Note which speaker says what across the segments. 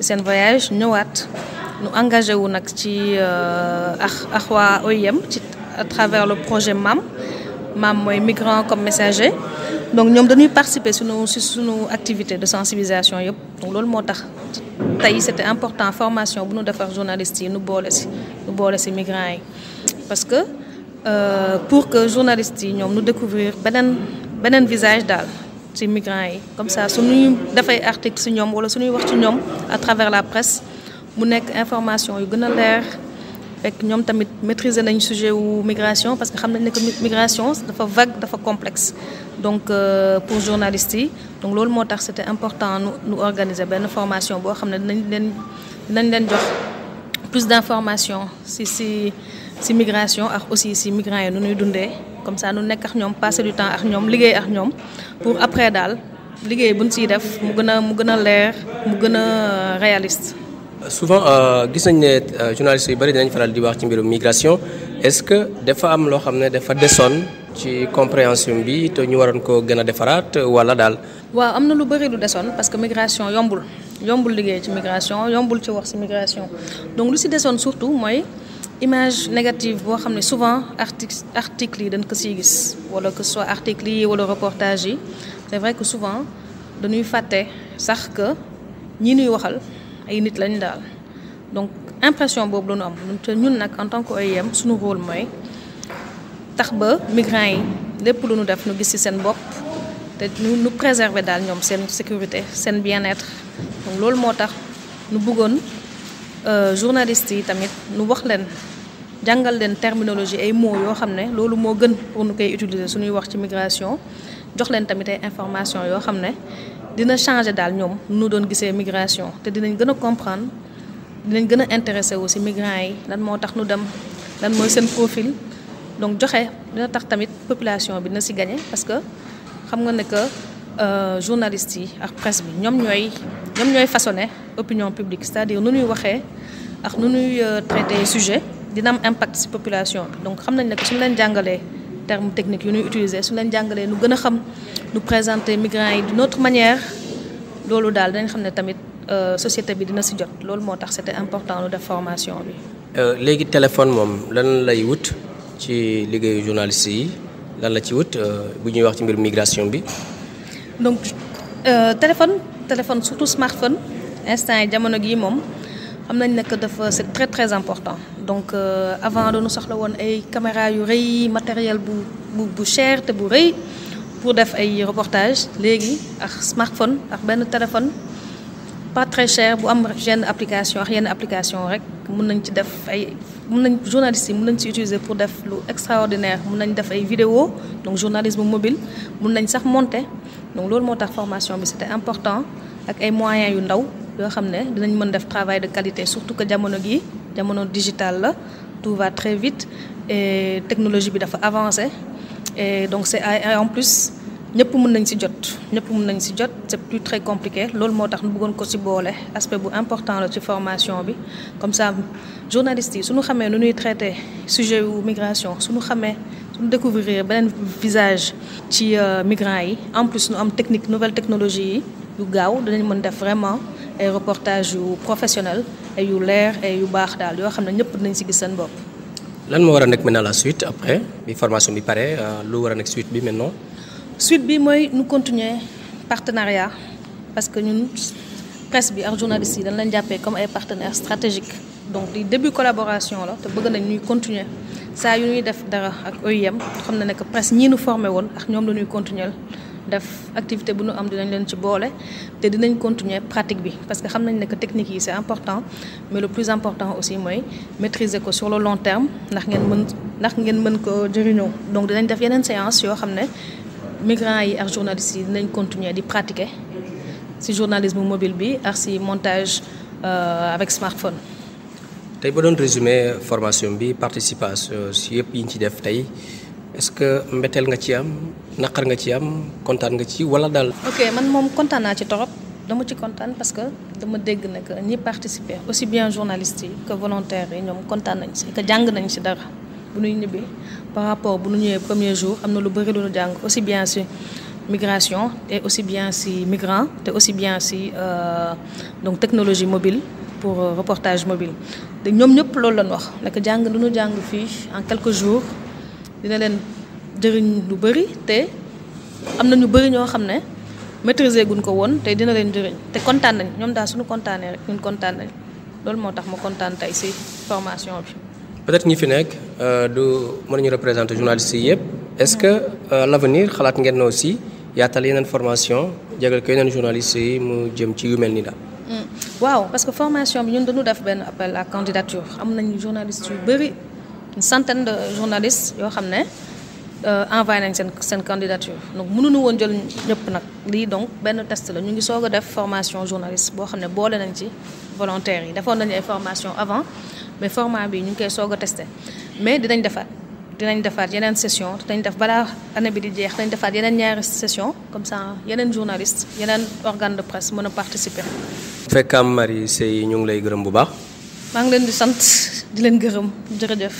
Speaker 1: C'est un voyage nous nu engagé wu nag euh, à travers le projet MAM MAM mooy migrant comme messager donc ñoom dañuy participer nos si nos de sensibilisation yëpp donc loolu moo tax c'était important formation bu nu defar journalistes yi nu boole si migrants parce que euh, pour que journalistes nous découvrent nu découvrir beneen beneen visage daal ci migrants comme ça des articles article ci wala nous wax à travers la presse mu avons information yu gën a leer les ñoom tamit maîtriser nañ sujet wu migration parce que la migration est vague dafa complexe donc euh, pour journalistes donc c'était important de nous organiser une formation pour xam plus d'informations sur la migration et aussi ci migrants comme ça nous nek ak ñom passer du temps ak ñom liggéey ak ñom pour après dal liggéey buñ ci def mu gëna mu gëna leer mu gëna réaliste.
Speaker 2: souvent euh, gis nañ ne euh, journalistes yu bëri dinañ faral di wax ci mbirum migration est-ce que dafa am loo xam ne dafa desoon ci compréhension bi te ñu waroon ko gën a defaraat wala daal.
Speaker 1: waaw am na lu bëri lu desoon parce que migration yombul yombul liguey ci migration yombul ci wax migration donc lu qui surtout moy image négative bo xamné souvent article articles yi dañ ko que soit articles ou wala reportage c'est vrai que souvent dañuy faté, sax que ñi nuy waxal ay nit donc impression bobu am en tant que OIM suñu rôle tax ba yi lu ñu te ñu nous préserver dal ñom sen sécurité sen bien-être donc lool motax nous bëggone euh journalistes yi tamit nu wax len jàngal len terminologie ay mots yo xamné loolu mo gën pour nous kay utiliser suñuy wax ci migration jox len tamit ay information yo xamné dina changer dal ñom nu doon gisee migration te dinañ gëna comprendre dinañ gën intéressé aussi migrants yi lan moo tax nu dem lan mooy sen profil donc joxé dina tax tamit population bi dina ci gagner parce que xam nga ne que euh, journalistes yi ak presse bi ñoom ñooy ñoom ñooy façonné opinion publique c'est-à-dire nu ñuy waxee ak nu ñuy euh, traité sujet dina am impact ci population bi donc xam nañ ne que suñu leen jàngalee terme technique yu ñuy utiliser suñu leen jàngalee nu gën a xam nu présenter migrants yi d'une autre manière loolu daal dañ xam ne tamit euh, société bi dina ci jot loolu moo tax c'était important lu def formation bi.
Speaker 2: léegi téléphone moom lan lay wut ci liggéeyu journaliste yi lan la ci wut euh, bu ñuy wax ci mbir migration bi.
Speaker 1: donc euh, téléphone téléphone surtout smartphone instant yi jamono gi mom xam nañ dafa c'est très très important donc euh, avant dañu soxla woon ay caméra yu reuy matériel bu bu cher te bu reuy pour def ay reportage légui ak smartphone ak ben téléphone pas très cher bu am yenn application ak yenn application rek mën nañ ci def ay. Les journalistes peuvent utiliser pour des choses extraordinaires Ils nañ def ay vidéos, donc journalisme mobile Ils nañ sax monter donc loolu moo formation bi c'était important ak ay moyens yu ndaw yoo xam faire dinañ travail de qualité surtout que jamono gi jamono digital tout va très vite et technologie bi et donc c'est en plus ñëpp mën nañ si jot ñëpp mën nañ si jot c'est plus très compliqué loolu moo tax nu bëggoon ko si boole aspect bu important la ci formation bi comme ça journalistes yi suñu xamee nu ñuy traité sujet wu migration suñu xamee suñu découvrir beneen visage ci euh, migrants yi en plus ñu am technique nouvelle technologie yi yu gaaw dinañ mën def vraiment ay reportage yu professionnel et yu leer et yu baax daal yoo xam ne ñëpp dinañ si gis seen bopp
Speaker 2: lan moo war a nekk maintenant la suite après bi formation bi pare euh, lu war a nekk suite bi maintenant
Speaker 1: suite bi moy nous continuer partenariat parce que ñun presse bi ak journaliste yi dañ lañ jappé comme ay partenaires stratégiques donc di début collaboration la te bëgg nañ ñuy continuer Ça yu ñuy def dara ak OIM xam na nek presse ñi ñu formé won ak ñom la continuer def activité bu ñu am dinañ leen ci boole te dinañ continuer pratique bi parce que xam nañ ne que technique yi c'est important mais le plus important aussi mooy maîtriser ko sur le long terme ndax ngeen mën ndax ngeen mën ko jëriñoo donc dinañ def yeneen séance yoo xam ne migrants et ak journalistes yi dinañ continuer pratiquer ce journalisme mobile bi ak montage montage euh, avec smartphone.
Speaker 2: tey ba doon résumé formation bi participation si yëpp yi ñu ci def est-ce que mbetteel nga ci am naqar nga ci am kontaan nga ci wala dal ok
Speaker 1: man moom kontaan naa ci torop dama ci content parce que dama dégg na que ñi participer aussi bien journalistes yi que volontaires yi ñoom kontaan nañ ci que jàng nañ ci dara bu par rapport bu ñu ñëwee premier jour am na lu bëri lu jàng aussi bien si migration et aussi bien si migrant et aussi bien si euh, donc technologie mobile pour euh, reportage mobile. te ñoom ñëpp loolu lañ wax naka jàng lu ñu jàng fii en quelques jours dina leen jëriñ lu bëri te am na ñu bëri ñoo xam maîtriser guñ ko won te dina leen jëriñ te kontaan nañ ñom da suñu kontaanee rek ñun kontaan nañ loolu moo tax ma formation bi
Speaker 2: peut-être ñi fi nekk euh, du ñu représenter journalistes yi yëpp est-ce que euh, à l'avenir xalaat ngeen na aussi yaatal yeneen formation jagal ko yeneen journalistes yi mu jëm ci yu mel ni daal.
Speaker 1: Hmm. waaw parce que formation bi ñun dañu def benn appel à candidature am nañu journalistes yu bëri une centaine de journalistes yoo xam ne euh, envoyé nañ seen seen candidature donc mënuñu woon jël ñëpp nag lii donc benn test la ñu ngi soog a def formation journaliste boo xam ne boole nañ ci volontaires yi defoon nañu ay formation avant mais format bi ñu ngi koy soog a testé mais dinañ defar dinañ defaat yeneen session dinañ def balaa année bi di jeex dinañ defaat yeneen ñaari session comme ça yeneen journaliste yeneen organe de presse mën a participer.
Speaker 2: Fekam Marie Seye ñu ngi lay gërëm bu baax.
Speaker 1: maa ngi leen di sant di leen gërëm jërëjëf.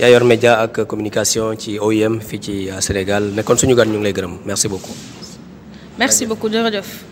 Speaker 2: yaa yor média ak communication ci OIM fii ci Sénégal nekkoon suñu gan ñu ngi lay gërëm merci beaucoup.
Speaker 1: merci beaucoup jërëjëf.